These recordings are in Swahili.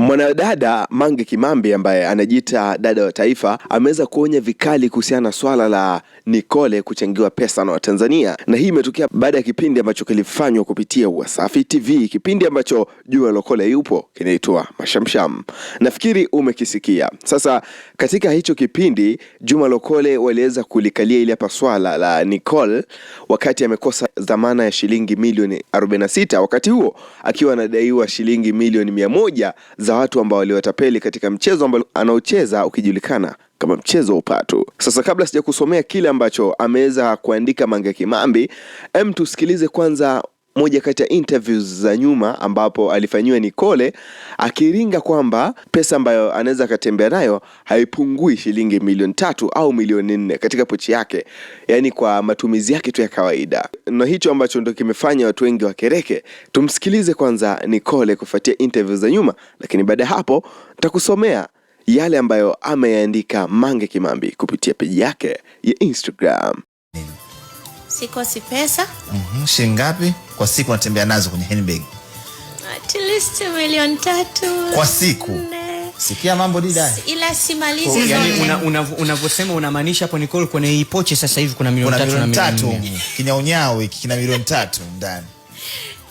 Mwanadada Mange Kimambi ambaye anajiita dada wa taifa ameweza kuonya vikali kuhusiana na swala la Nicole kuchangiwa pesa na Watanzania, na hii imetokea baada ya kipindi ambacho kilifanywa kupitia Wasafi TV, kipindi ambacho Jua Lokole yupo kinaitwa Mashamsham, nafikiri umekisikia. Sasa katika hicho kipindi Juma Lokole waliweza kulikalia ile hapa swala la Nicole wakati amekosa dhamana ya shilingi milioni 46, wakati huo akiwa anadaiwa shilingi milioni mia moja za watu ambao waliwatapeli katika mchezo ambao anaocheza ukijulikana kama mchezo wa upatu. Sasa, kabla sija kusomea kile ambacho ameweza kuandika Mange Kimambi, em tusikilize kwanza moja kati ya interviews za nyuma ambapo alifanyiwa Nicole akiringa kwamba pesa ambayo anaweza akatembea nayo haipungui shilingi milioni tatu au milioni nne katika pochi yake, yaani kwa matumizi yake tu ya kawaida, na hicho ambacho ndo kimefanya watu wengi wakereke. Tumsikilize kwanza Nicole kufuatia interviews za nyuma, lakini baada ya hapo nitakusomea yale ambayo ameyaandika Mange Kimambi kupitia peji yake ya Instagram sikosi pesa. mm -hmm. Shilingi ngapi kwa siku unatembea nazo kwenye handbag? At least milioni tatu kwa siku ne. Sikia mambo dida, ila simalizi zote. unavyosema unamaanisha hapo Nicole, kwenye ipoche sasa hivi kuna milioni tatu na milioni tatu, kinyaunyawe kina milioni tatu ndani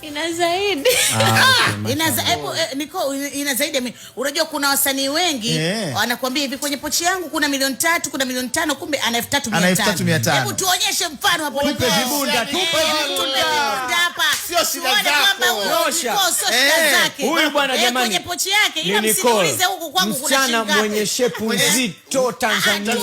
ina zaidi ah, ah, eh, ina zaidi. Unajua, kuna wasanii wengi yeah, hivi, kwenye pochi yangu kuna milioni tatu, kuna milioni tano, kumbe ana elfu tatu mia tano. Hebu tuonyeshe mfano hapo, tupe vibunda, tupe vibunda hapa, sio shida zako, sio shida eh. zake huyu bwana. Eh, jamani, kwenye pochi yake, ila huku kwangu kuna mwenye shepu nzito ah, Tanzania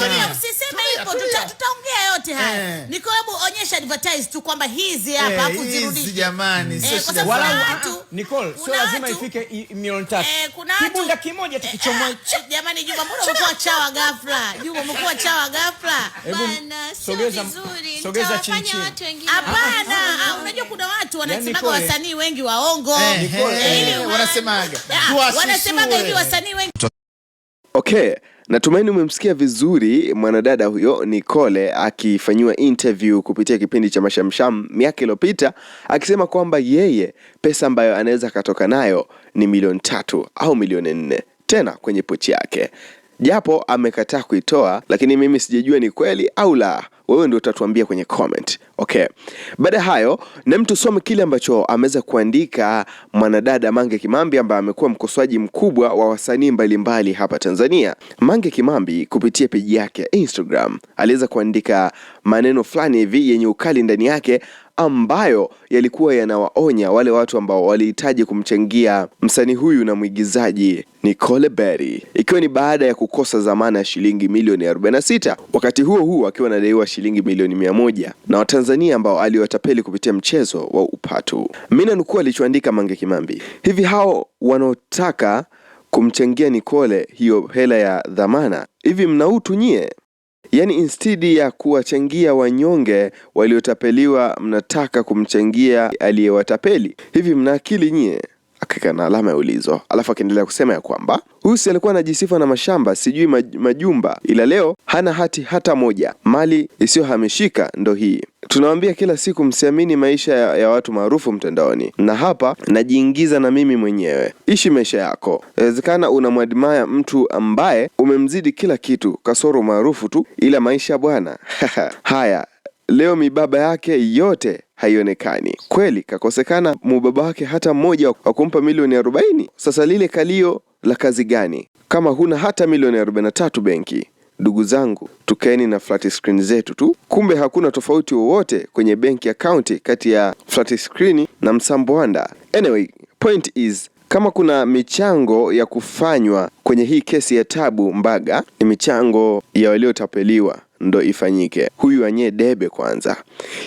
tutaongea yote haya eh. Niko hebu onyesha advertise tu kwamba hizi hapa hapo eh, zirudishwe jamani, eh, ah, Nicole, sio lazima ifike milioni tatu. Eh, Kibunda kimoja tukichomoa ah, jamani. Juma mbona umekuwa chawa ghafla? Juma umekuwa chawa ghafla bana, sio vizuri. Sogeza chini chini. Hapana, unajua kuna watu yaani wanasemaga wasanii wengi waongo, Nicole wanasemaga ah, wanasemaga hivi wasanii wengi Okay, natumaini umemsikia vizuri mwanadada huyo Nicole akifanyiwa interview kupitia kipindi cha Mashamsham miaka iliyopita, akisema kwamba yeye pesa ambayo anaweza akatoka nayo ni milioni tatu au milioni nne tena kwenye pochi yake, japo amekataa kuitoa, lakini mimi sijajua ni kweli au la. Wewe ndio utatuambia kwenye comment. Okay. Baada ya hayo na tusome kile ambacho ameweza kuandika mwanadada Mange Kimambi ambaye amekuwa mkosoaji mkubwa wa wasanii mbalimbali hapa Tanzania. Mange Kimambi kupitia peji yake ya Instagram aliweza kuandika maneno fulani hivi yenye ukali ndani yake ambayo yalikuwa yanawaonya wale watu ambao walihitaji kumchangia msanii huyu na mwigizaji Nicole Berry, ikiwa ni baada ya kukosa dhamana ya shilingi milioni 46, wakati huo huo akiwa anadaiwa shilingi milioni 100 na Watanzania Tanzania ambao aliwatapeli kupitia mchezo wa upatu. mina nukuu alichoandika Mange Kimambi, hivi hao wanaotaka kumchangia Nicole hiyo hela ya dhamana, hivi mna utu nyie? Yaani, instead ya kuwachangia wanyonge waliotapeliwa, mnataka kumchangia aliyewatapeli? Hivi mna akili nyie? akakaa na alama ya ulizo. Alafu akaendelea kusema ya kwamba husi alikuwa anajisifa na mashamba sijui majumba, ila leo hana hati hata moja. Mali isiyohamishika ndo hii. Tunawaambia kila siku msiamini maisha ya, ya watu maarufu mtandaoni, na hapa najiingiza na mimi mwenyewe. Ishi maisha yako. Inawezekana unamwadimaya mtu ambaye umemzidi kila kitu, kasoro maarufu tu, ila maisha bwana haya Leo mibaba yake yote haionekani. Kweli kakosekana mubaba wake hata mmoja wa kumpa milioni arobaini. Sasa lile kalio la kazi gani kama huna hata milioni arobaini na tatu benki? Ndugu zangu, tukaeni na flat screen zetu tu. Kumbe hakuna tofauti wowote kwenye benki ya kaunti kati ya flat screen na msambwanda. Anyway, point is kama kuna michango ya kufanywa kwenye hii kesi ya Tabu Mbaga, ni michango ya waliotapeliwa ndo ifanyike. Huyu anyee debe kwanza.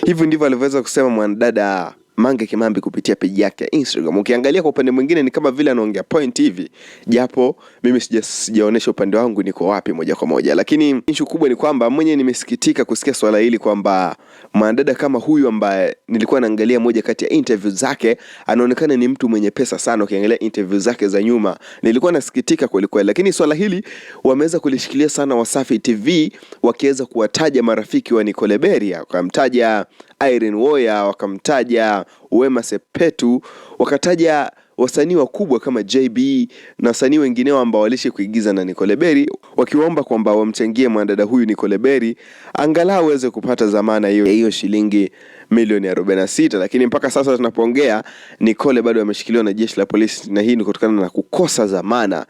Hivi ndivyo alivyoweza kusema mwanadada Mange Kimambi kupitia peji yake ya Instagram. Ukiangalia kwa upande mwingine ni kama vile anaongea point hivi, japo mimi sijaonesha upande wangu niko wapi moja kwa moja, lakini issue kubwa ni kwamba mwenye nimesikitika kusikia swala hili kwamba mwanadada kama huyu ambaye nilikuwa naangalia moja kati ya interview zake, anaonekana ni mtu mwenye pesa sana. Ukiangalia interview zake za nyuma, nilikuwa nasikitika kweli kweli, lakini swala hili wameweza kulishikilia sana Wasafi TV wakiweza kuwataja marafiki wa Nicole Beria, wakamtaja Irene Woya, wakamtaja Wema Sepetu, wakataja wasanii wakubwa kama JB na wasanii wengineo wa ambao walishi kuigiza na Nicole Berry, wakiwaomba kwamba wamchangie mwanadada huyu Nicole Berry angalau aweze kupata dhamana hiyo ya hiyo shilingi milioni 46. Lakini mpaka sasa tunapoongea, Nicole bado ameshikiliwa na jeshi la polisi, na hii ni kutokana na kukosa dhamana.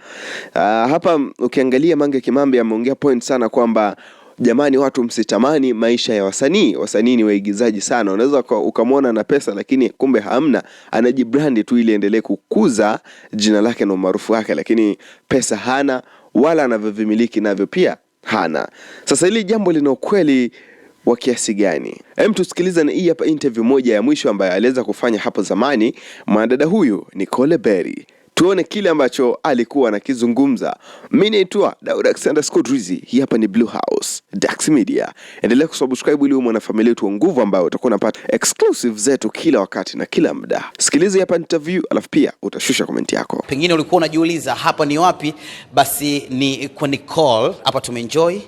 Ah, hapa ukiangalia Mange Kimambi ameongea point sana kwamba jamani, watu msitamani maisha ya wasanii. Wasanii ni waigizaji sana, unaweza ukamwona na pesa, lakini kumbe hamna. Anajibrandi tu ili endelee kukuza jina lake na umaarufu wake, lakini pesa hana, wala anavyovimiliki navyo pia hana. Sasa hili jambo lina ukweli wa kiasi gani? Hem, tusikiliza. na hii hapa interview moja ya mwisho ambayo aliweza kufanya hapo zamani mwanadada huyu Nicole Berry tuone kile ambacho alikuwa anakizungumza. mi naitwa Daud Alexander Scott Rizzi, hii hapa ni Blue House Dax Media. Endelea kusubscribe ili uwe mwanafamilia wetu wa nguvu, ambayo utakuwa unapata exclusive zetu kila wakati na kila muda. Sikiliza hapa interview, alafu pia utashusha komenti yako. Pengine ulikuwa unajiuliza hapa ni wapi? Basi ni kwa Nicole. Hapa tumeenjoy,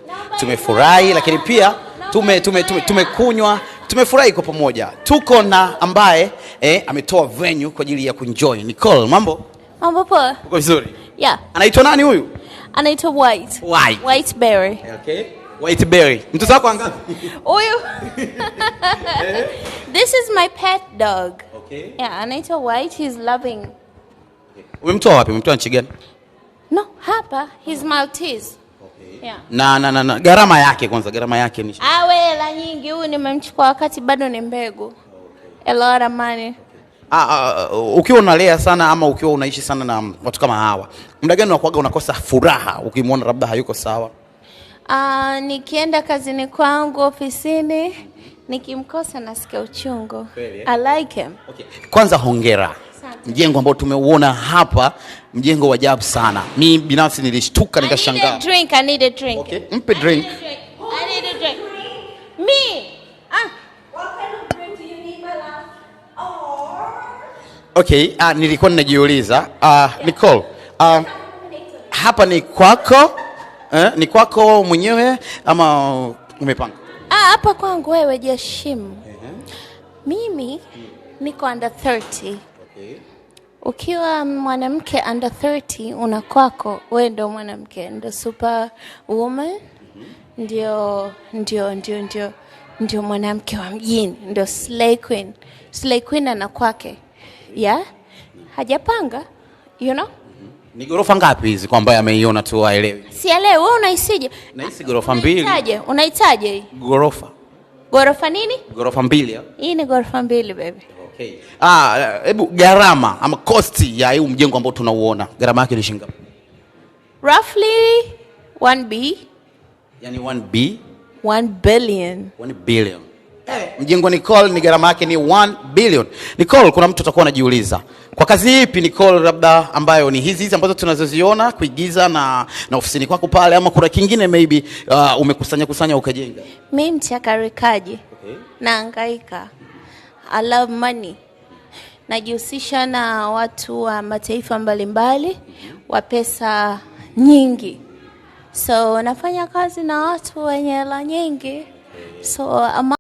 tumefurahi, lakini pia tume tumekunywa tume, tume tumefurahi kwa pamoja. Tuko na ambaye eh, ametoa venue kwa ajili ya kunjoy. Nicole, mambo Mambo oh, poa. Uko vizuri? Yeah. Anaitwa nani huyu? Anaitwa White. White. White Berry. Okay. White Berry. Mtoto wako angapi? Huyu. Eh? This is my pet dog. Okay. Yeah, anaitwa White. He's loving. Umemtoa wapi? Umemtoa nchi gani? No, hapa. He's Maltese. Yeah. Na, na, na, na. Gharama yake kwanza, gharama yake ni. Awe hela nyingi. Huyu nimemchukua wakati bado ni mbegu. Okay. A lot of money. Ah, ah, ah, ukiwa unalea sana ama ukiwa unaishi sana na watu kama hawa, muda gani unakuwaga unakosa furaha ukimwona labda hayuko sawa? Uh, nikienda kazini kwangu, ofisini, nikimkosa nasikia uchungu. Eh? I like him. Okay. Kwanza hongera mjengo ambao tumeuona hapa, mjengo wa ajabu sana. Mi binafsi nilishtuka nikashangaa. okay. mpe drink, I need a drink. Okay, ah, nilikuwa ninajiuliza ah, Nicole, uh, hapa ni kwako eh, ni kwako mwenyewe ama umepanga? Ah, hapa kwangu wewe uh-huh. Mimi niko under 30. Okay. Ukiwa mwanamke under 30 una kwako, wewe ndio mwanamke, ndio super woman, mhm. ndio ndio ndio ndio ndio mwanamke wa mjini, ndio slay queen. Slay queen ana kwake yeah. Hajapanga you know? Mm-hmm. Ni gorofa ngapi hizi kwa kwamba ameiona tu aelewi? Sielewi, wewe unahisije Nahisi gorofa mbili. Unahitaje? Unahitaje? Gorofa. Gorofa nini? Gorofa mbili. Hii ni gorofa mbili baby. Okay. Ah, hebu gharama ama cost ya huu mjengo ambao tunauona. Gharama yake ni shilingi Roughly 1B. Yani 1B? 1 billion. 1 billion. Eh. Mjengo Nicole ni gharama yake ni 1 billion. Nicole, kuna mtu atakuwa anajiuliza kwa kazi ipi Nicole, labda ambayo ni hizi hizi ambazo tunazoziona kuigiza na, na ofisini kwako pale, ama kuna kingine maybe uh, umekusanya kusanya ukajenga. Mimi mchakarikaji, okay. Naangaika, I love money, najihusisha na watu wa mataifa mbalimbali mm-hmm. wa pesa nyingi, so nafanya kazi na watu wenye hela nyingi so ama